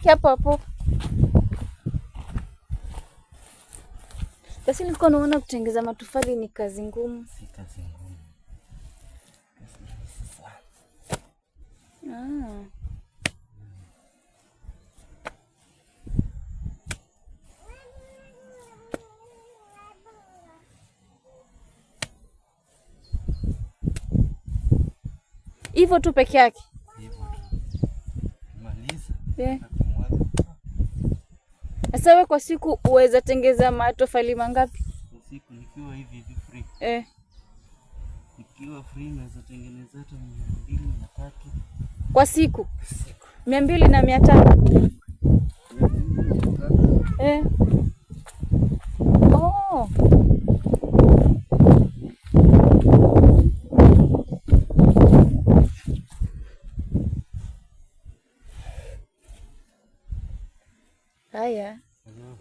baki hapo hapo. Basi nilikuwa naona kutengeza matofali ni kazi ngumu. Si kazi ngumu. Ah. Hivyo tu peke yake. Hivyo tu. Maliza. Yeah. Sasa wewe kwa siku uweza tengeza matofali mangapi? Kwa siku nikiwa hivi hivi free. Eh. Nikiwa free naweza tengeneza hata mia mbili na tatu. Kwa siku? Kwa Siku. Mia mbili na mia tatu.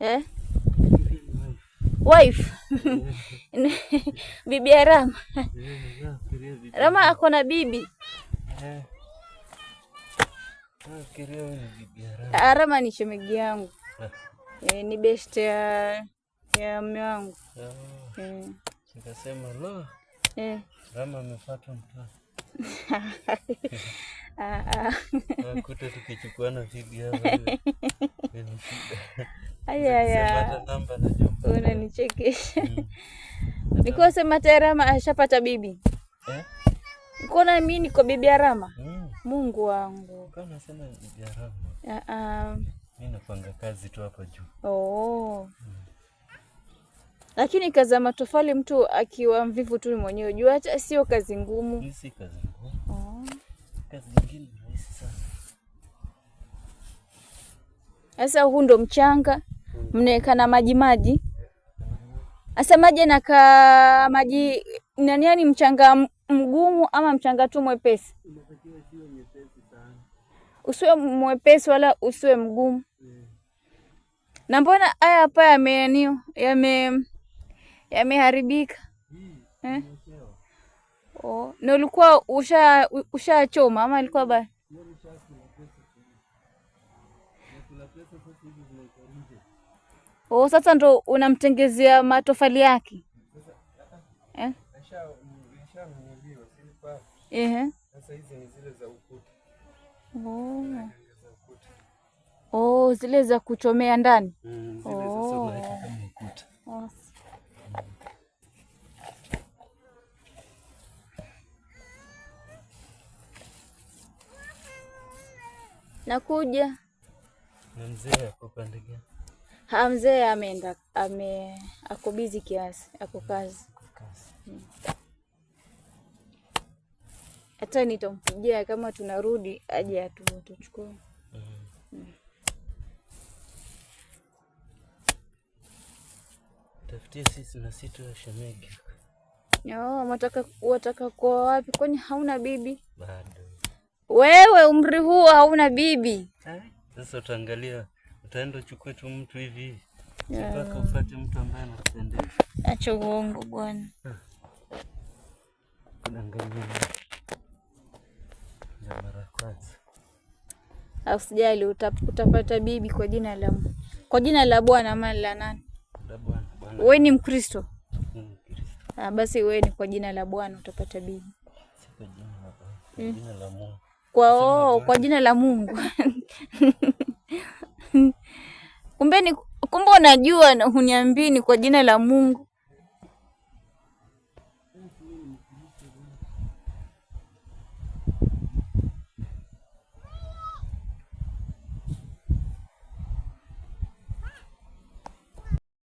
Eh? Wife. Bibi ya Rama. Rama ako na bibi. Rama ni shemegi yangu. Eh, ni best ya ya mume wangu. Eh. Nikasema lo. Eh. Rama amefuata mtaa. Nakuta ah, ah. tukichukuana video unanichekesha. Mm. Nikuwa sema tayari ashapata bibi eh? Nikuona mi niko bibi Arama mm. Mungu wangu ah, kazi tu hapa juu oh. hmm. Lakini kazi ya matofali mtu akiwa mvivu tu mwenyewe juu, hata sio kazi ngumu, si kazi ngumu kazi nyingine rahisi sana. Sasa huu ndo mchanga hmm. mnaweka na maji maji. hasa maji anakaa maji nani, yani mchanga mgumu ama mchanga tu mwepesi? Usiwe mwepesi wala usiwe mgumu. Hmm. Na mbona haya hapa yame yameharibika, yame eh? Oh, na ulikuwa usha ushachoma ama ilikuwa ba Oh, sasa ndo unamtengezea matofali yake eh? Oh. Oh, zile za kuchomea ndani mm, zile oh. Nakuja na mzee upande gani? Ha, mzee ameenda ame ako busy kiasi, ako kazi mm. Hata nitampigia kama tunarudi aje atu tuchukue hmm. hmm. sisi Wataka kuwa wapi? Kwani hauna bibi bado? Wewe umri huo hauna bibi. Eh? Sasa utaangalia utaenda uchukue tu mtu hivi mpaka upate mtu ambaye anakupendeza. Acha uongo bwana. Unaangalia eh. mara kwanza. Usijali utapata bibi kwa jina la kwa jina la Bwana ama la nani? La Bwana. Wewe ni Mkristo? Ah, basi wewe ni kwa jina la Bwana utapata bibi. Si kwa jina la Bwana. Mm. Jina la Mungu kwa o, oh, kwa jina la Mungu. Kumbeni, kumbe unajua, huniambii ni kwa jina la Mungu.